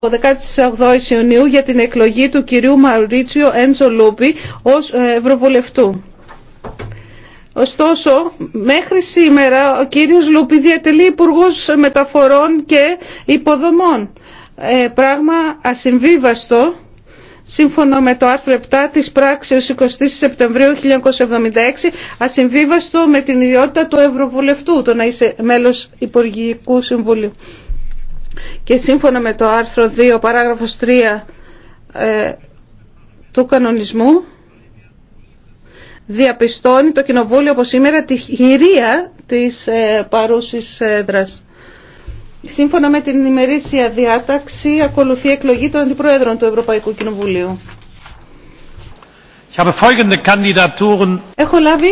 18 Ιουνίου για την εκλογή του κυρίου Μαουρίτσιο Έντζο Λούπι ως ε, Ευρωβουλευτού. Ωστόσο, μέχρι σήμερα ο κύριος Λούπι διατελεί υπουργό Μεταφορών και Υποδομών. Ε, πράγμα ασυμβίβαστο, σύμφωνα με το άρθρο 7 της πράξης 20 Σεπτεμβρίου 1976, ασυμβίβαστο με την ιδιότητα του Ευρωβουλευτού, το να είσαι μέλος Υπουργικού Συμβουλίου και σύμφωνα με το άρθρο 2 παράγραφος 3 ε, του κανονισμού διαπιστώνει το Κοινοβούλιο όπως σήμερα τη χειρία της ε, παρούσης έδρας. Σύμφωνα με την ημερήσια διάταξη ακολουθεί εκλογή των αντιπροέδρων του Ευρωπαϊκού Κοινοβουλίου. Έχω λάβει